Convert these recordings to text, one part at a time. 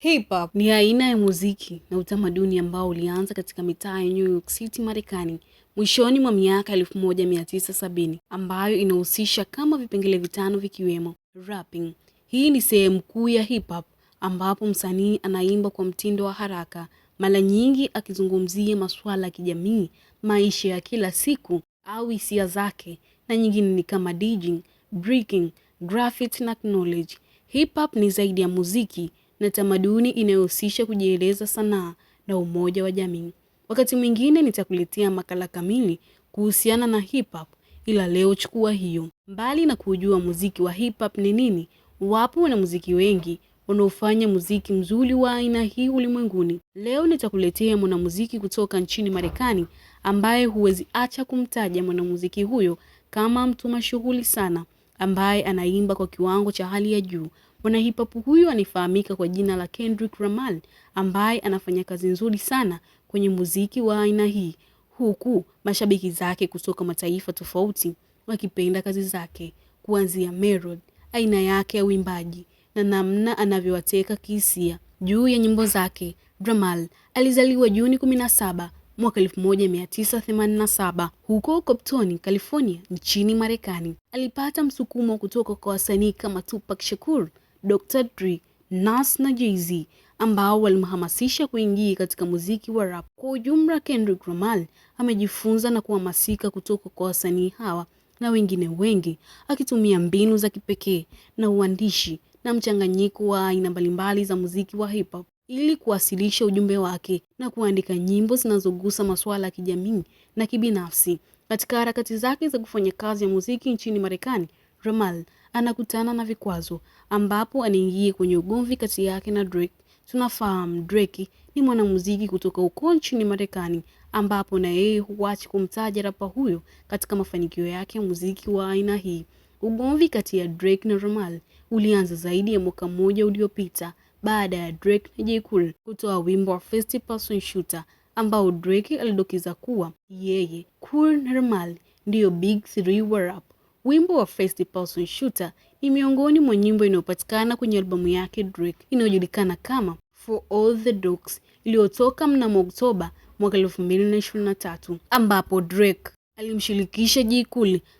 Hip hop ni aina ya muziki na utamaduni ambao ulianza katika mitaa ya New York City, Marekani mwishoni mwa miaka 1970 ambayo inahusisha kama vipengele vitano vikiwemo rapping. Hii ni sehemu kuu ya hip hop ambapo msanii anaimba kwa mtindo wa haraka, mara nyingi akizungumzia masuala ya kijamii, maisha ya kila siku au hisia zake, na nyingine ni kama djing, breaking, graffiti na knowledge. Hip hop ni zaidi ya muziki na tamaduni inayohusisha kujieleza, sanaa na umoja wa jamii. Wakati mwingine nitakuletea makala kamili kuhusiana na hip hop, ila leo chukua hiyo. Mbali na kujua muziki wa hip hop ni nini, wapo wanamuziki wengi wanaofanya muziki mzuri wa aina hii ulimwenguni. Leo nitakuletea mwanamuziki kutoka nchini Marekani ambaye huwezi acha kumtaja mwanamuziki huyo kama mtu mashughuli sana ambaye anaimba kwa kiwango cha hali ya juu. Mwanahipapu huyu anafahamika kwa jina la Kendrick Ramal ambaye anafanya kazi nzuri sana kwenye muziki wa aina hii, huku mashabiki zake kutoka mataifa tofauti wakipenda kazi zake, kuanzia melody, aina yake ya uimbaji na namna anavyowateka kihisia. Juu ya nyimbo zake, Dramal alizaliwa Juni 17 mwaka 1987 huko Compton, California nchini Marekani. Alipata msukumo kutoka kwa wasanii kama Tupac Shakur Dr. Dre, Nas na Jay-Z ambao walimhamasisha kuingia katika muziki wa rap. Kwa ujumla, Kendrick Lamar amejifunza na kuhamasika kutoka kwa wasanii hawa na wengine wengi akitumia mbinu za kipekee na uandishi na mchanganyiko wa aina mbalimbali za muziki wa hip hop ili kuwasilisha ujumbe wake na kuandika nyimbo zinazogusa masuala ya kijamii na kibinafsi. Katika harakati zake za kufanya kazi ya muziki nchini Marekani, Lamar anakutana na vikwazo ambapo anaingia kwenye ugomvi kati yake na Drake. Tunafahamu Drake ni mwanamuziki kutoka huko nchini Marekani, ambapo na yeye huachi kumtaja rapa huyo katika mafanikio yake ya muziki wa aina hii. Ugomvi kati ya Drake na Romal ulianza zaidi ya mwaka mmoja uliopita baada ya Drake na J. Cool kutoa wimbo wa First Person Shooter ambao Drake alidokeza kuwa yeye, Cool na Romal ndiyo big three wa rap. Wimbo wa First Person Shooter ni miongoni mwa nyimbo inayopatikana kwenye albamu yake Drake inayojulikana kama For All the Dogs iliyotoka mnamo Oktoba mwaka 2023 ambapo Drake alimshirikisha J.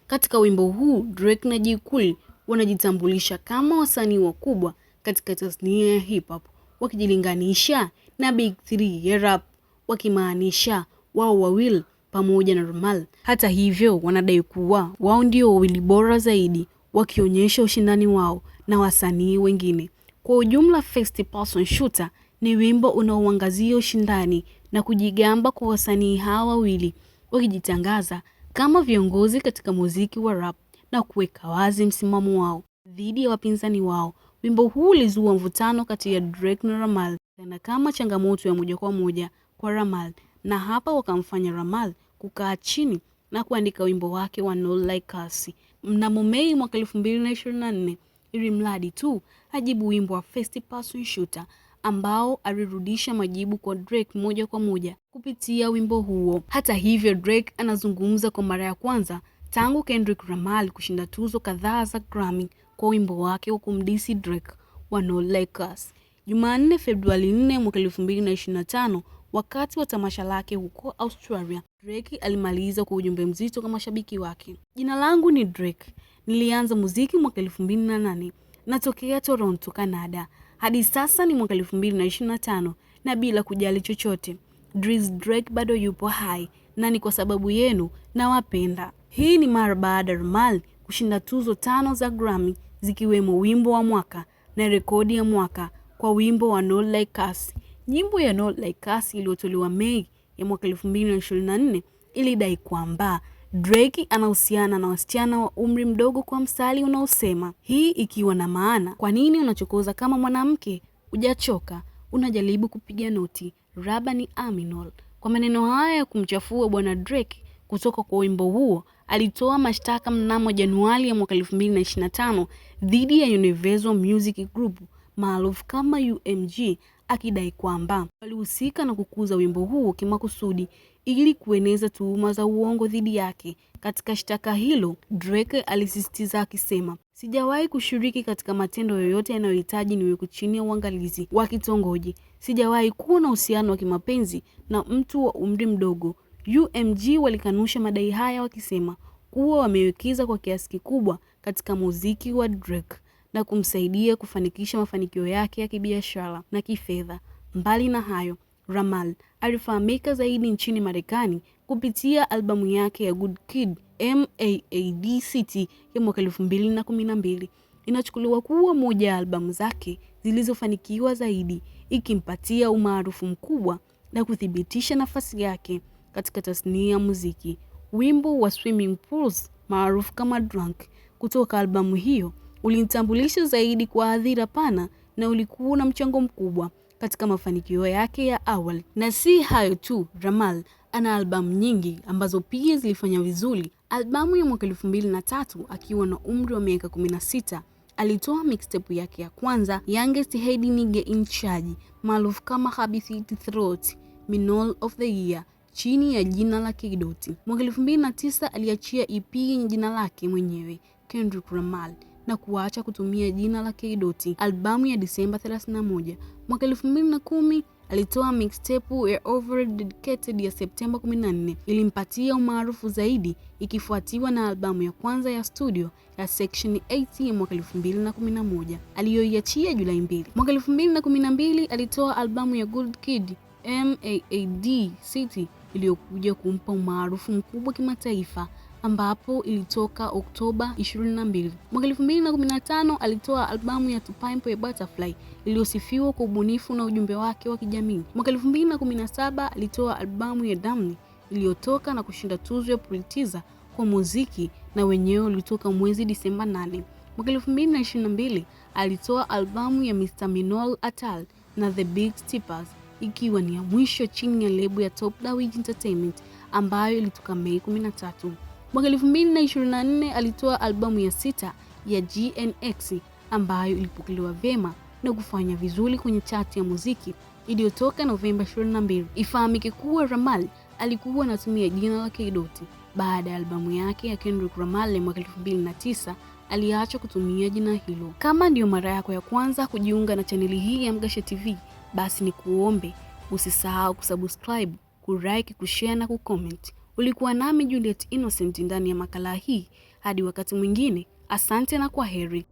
Katika wimbo huu Drake na J. wanajitambulisha kama wasanii wakubwa katika tasnia ya hip hop, wakijilinganisha na Big 3 ya rap, wakimaanisha wao wawili pamoja na Ramal. Hata hivyo, wanadai kuwa wao ndio wawili bora zaidi, wakionyesha ushindani wao na wasanii wengine. Kwa ujumla, First Person Shooter ni wimbo unaoangazia ushindani na kujigamba kwa wasanii hawa wawili, wakijitangaza kama viongozi katika muziki wa rap na kuweka wazi msimamo wao dhidi ya wapinzani wao. Wimbo huu ulizua mvutano kati ya Drake na Ramal, na kama changamoto ya moja kwa moja kwa Ramal na hapa wakamfanya Ramal kukaa chini na kuandika wimbo wake wa No Like Us mnamo Mei mwaka nne ili mradi tu ajibu wimbo wa First Person Shooter ambao alirudisha majibu kwa Drake moja kwa moja kupitia wimbo huo. Hata hivyo, Drake anazungumza kwa mara ya kwanza tangu Kendrick Lamar kushinda tuzo kadhaa za Grammy kwa wimbo wake wa kumdisi Drake wa No Like Us Jumanne, Februari 4 mwaka 2025 Wakati wa tamasha lake huko Australia, Drake alimaliza kwa ujumbe mzito kwa mashabiki wake: jina langu ni Drake, nilianza muziki mwaka na nane natokea Toronto, Canada. Hadi sasa ni mwaka mbili na na tano bila kujali chochote Drizzy Drake bado yupo hai na ni kwa sababu yenu, nawapenda. Hii ni mara baada ya kushinda tuzo tano za Grammy zikiwemo wimbo wa mwaka na rekodi ya mwaka kwa wimbo wa No Like Us. Nyimbo ya No Like Us iliyotolewa Mei ya mwaka 2024 ilidai kwamba Drake anahusiana na wasichana wa umri mdogo kwa mstari unaosema hii ikiwa na maana, kwa nini unachokoza kama mwanamke? Ujachoka, unajaribu kupiga noti, raba ni Aminol. Kwa maneno haya ya kumchafua bwana Drake kutoka kwa wimbo huo, alitoa mashtaka mnamo Januari ya mwaka 2025 dhidi ya Universal Music Group maarufu kama UMG akidai kwamba walihusika na kukuza wimbo huo kimakusudi ili kueneza tuhuma za uongo dhidi yake. Katika shtaka hilo, Drake alisisitiza akisema, sijawahi kushiriki katika matendo yoyote yanayohitaji niwekwe chini ya uangalizi wa kitongoji. Sijawahi kuwa na uhusiano wa kimapenzi na mtu wa umri mdogo. UMG walikanusha madai haya wakisema kuwa wamewekeza kwa kiasi kikubwa katika muziki wa Drake na kumsaidia kufanikisha mafanikio yake ya kibiashara na kifedha. Mbali na hayo, Ramal alifahamika zaidi nchini Marekani kupitia albamu yake ya Good Kid Maad City ya mwaka mbili Inachukuliwa kuwa moja ya albamu zake zilizofanikiwa zaidi, ikimpatia umaarufu mkubwa na kuthibitisha nafasi yake katika tasnia ya muziki. Wimbo wa Swimming Pools maarufu kama Drunk kutoka albamu hiyo ulinitambulisha zaidi kwa hadhira pana na ulikuwa na mchango mkubwa katika mafanikio yake ya awali. Na si hayo tu, Ramal ana albamu nyingi ambazo pia zilifanya vizuri. Albamu ya mwaka elfu mbili na tatu akiwa na umri wa miaka sita alitoa mixtape yake ya kwanza Youngest Head Nigga in Charge maarufu kama habithi Throat Minol of the Year chini ya jina la Kidoti. Mwaka tisa aliachia EP yenye jina lake mwenyewe Kendrick Ramal na kuwaacha kutumia jina la Keidoti. Albamu ya Disemba 31 mwaka 2010 alitoa mixtape ya Over Dedicated ya Septemba 14, ilimpatia umaarufu zaidi ikifuatiwa na albamu ya kwanza ya studio ya Section 80 ya mwaka 2011 aliyoiachia Julai 2. Mwaka 2012 alitoa albamu ya Good Kid MAAD City iliyokuja kumpa umaarufu mkubwa kimataifa ambapo ilitoka Oktoba 22. Mwaka 2015 alitoa albamu ya Tupaimpo ya Butterfly iliyosifiwa kwa ubunifu na ujumbe wake wa kijamii. Mwaka 2017 alitoa albamu ya Damni iliyotoka na kushinda tuzo ya Pulitzer kwa muziki na wenyewe ulitoka mwezi Disemba 8. Mwaka 2022 alitoa albamu ya Mr. Minol Atal na The Big Steppers ikiwa ni ya mwisho chini ya lebo ya Top Dawg Entertainment ambayo ilitoka Mei 13. Mwaka 2024 alitoa albamu ya sita ya GNX ambayo ilipokelewa vyema na kufanya vizuri kwenye chati ya muziki iliyotoka Novemba 22. Ifahamike kuwa Ramal alikuwa anatumia jina la Kidoti baada ya albamu yake ya Kendrick Ramal mwaka 2009 aliacha kutumia jina hilo. Kama ndiyo mara yako ya kwanza kujiunga na chaneli hii ya Mgashe TV, basi ni kuombe usisahau kusubscribe, kulike, kushare na kucomment. Ulikuwa nami Juliet Innocent ndani ya makala hii. Hadi wakati mwingine, asante na kwa heri.